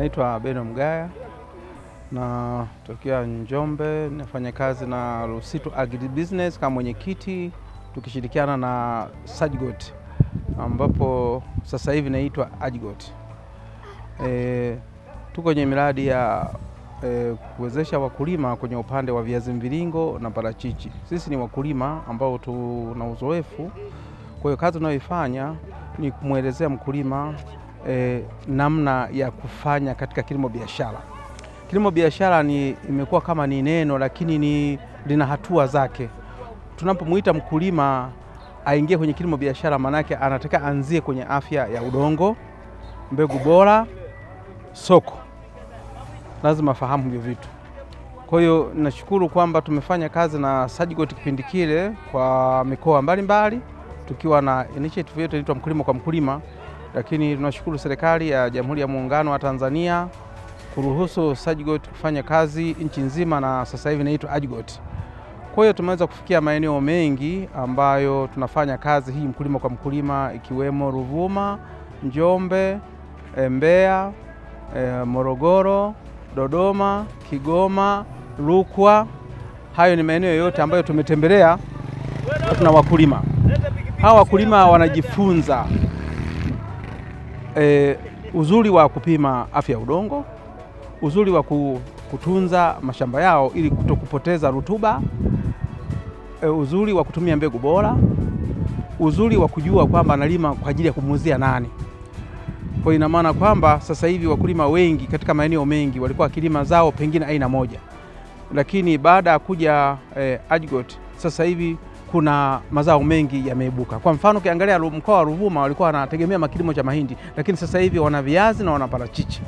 Naitwa Beno Mgaya na tokia Njombe, nafanya kazi na lusitu Agribusiness kama mwenyekiti tukishirikiana na Sajgot ambapo sasa hivi naitwa Ajgot. E, tuko kwenye miradi ya e, kuwezesha wakulima kwenye upande wa viazi mviringo na parachichi. Sisi ni wakulima ambao tuna uzoefu, kwa hiyo kazi tunayoifanya ni kumwelezea mkulima e, namna ya kufanya katika kilimo biashara. Kilimo biashara ni imekuwa kama ni neno lakini ni lina hatua zake. Tunapomwita mkulima aingie kwenye kilimo biashara, maanake anataka anzie kwenye afya ya udongo, mbegu bora, soko. Lazima afahamu hivyo vitu. Kwa hiyo nashukuru kwamba tumefanya kazi na Sajgoti kipindi kile kwa mikoa mbalimbali, tukiwa na initiative yetu inaitwa mkulima kwa mkulima. Lakini tunashukuru serikali ya Jamhuri ya Muungano wa Tanzania kuruhusu Sajgot kufanya kazi nchi nzima, na sasa hivi inaitwa Ajgot. Kwa hiyo tumeweza kufikia maeneo mengi ambayo tunafanya kazi hii mkulima kwa mkulima, ikiwemo Ruvuma, Njombe, eh, Mbeya, eh, Morogoro, Dodoma, Kigoma, Rukwa. Hayo ni maeneo yote ambayo tumetembelea, tuna wakulima. Hawa wakulima wanajifunza e, uzuri wa kupima afya ya udongo, uzuri wa kutunza mashamba yao ili kutokupoteza rutuba, e, uzuri wa kutumia mbegu bora, uzuri wa kujua kwamba analima kwa ajili ya kumuuzia nani. Kwa ina maana kwamba sasa hivi wakulima wengi katika maeneo mengi walikuwa wakilima zao pengine aina moja, lakini baada ya kuja e, AGCOT sasa hivi kuna mazao mengi yameibuka. Kwa mfano ukiangalia mkoa wa Ruvuma walikuwa wanategemea makilimo cha mahindi, lakini sasa hivi wana viazi na wana parachichi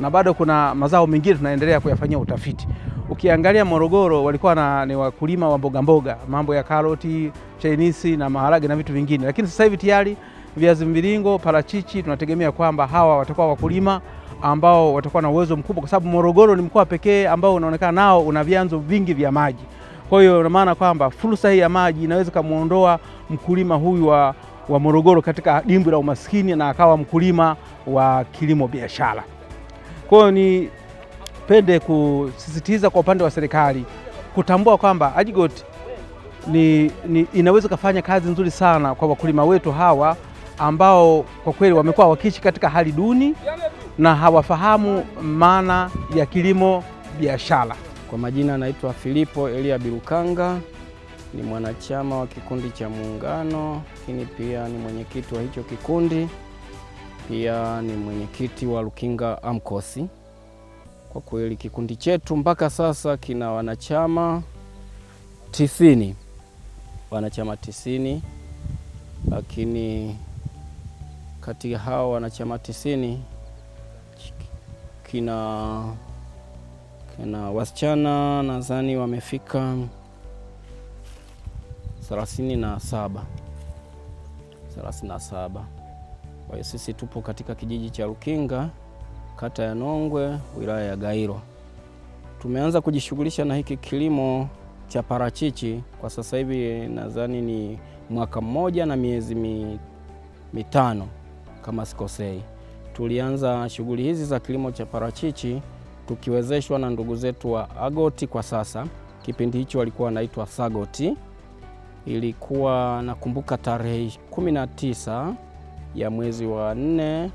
na bado kuna mazao mengine tunaendelea kuyafanyia utafiti. Ukiangalia Morogoro walikuwa na, ni wakulima wa mboga, mambo ya karoti, chainisi na maharage na vitu vingine, lakini sasa hivi tayari viazi mviringo, parachichi, tunategemea kwamba hawa watakuwa wakulima ambao watakuwa na uwezo mkubwa, kwa sababu Morogoro ni mkoa pekee ambao unaonekana nao una vyanzo vingi vya maji. Kwa hiyo ina maana kwamba fursa hii ya maji inaweza kumuondoa mkulima huyu wa, wa Morogoro katika dimbwi la umaskini na akawa mkulima wa kilimo biashara. Kwa hiyo nipende kusisitiza kwa upande wa serikali kutambua kwamba AGCOT ni, ni, inaweza kufanya kazi nzuri sana kwa wakulima wetu hawa ambao kwa kweli wamekuwa wakiishi katika hali duni na hawafahamu maana ya kilimo biashara. Kwa majina anaitwa Filipo Elia Birukanga, ni mwanachama wa kikundi cha Muungano, lakini pia ni mwenyekiti wa hicho kikundi, pia ni mwenyekiti wa Lukinga Amkosi. Kwa kweli kikundi chetu mpaka sasa kina wanachama tisini, wanachama tisini, lakini kati hao wanachama tisini kina na wasichana nadhani wamefika thelathini na saba thelathini na saba. Kwa hiyo sisi tupo katika kijiji cha Rukinga, kata ya Nongwe, wilaya ya Gairo. Tumeanza kujishughulisha na hiki kilimo cha parachichi kwa sasa hivi nadhani ni mwaka mmoja na miezi mitano kama sikosei. Tulianza shughuli hizi za kilimo cha parachichi tukiwezeshwa na ndugu zetu wa Agoti. Kwa sasa kipindi hicho walikuwa wanaitwa Sagoti. Ilikuwa nakumbuka tarehe 19 ya mwezi wa nne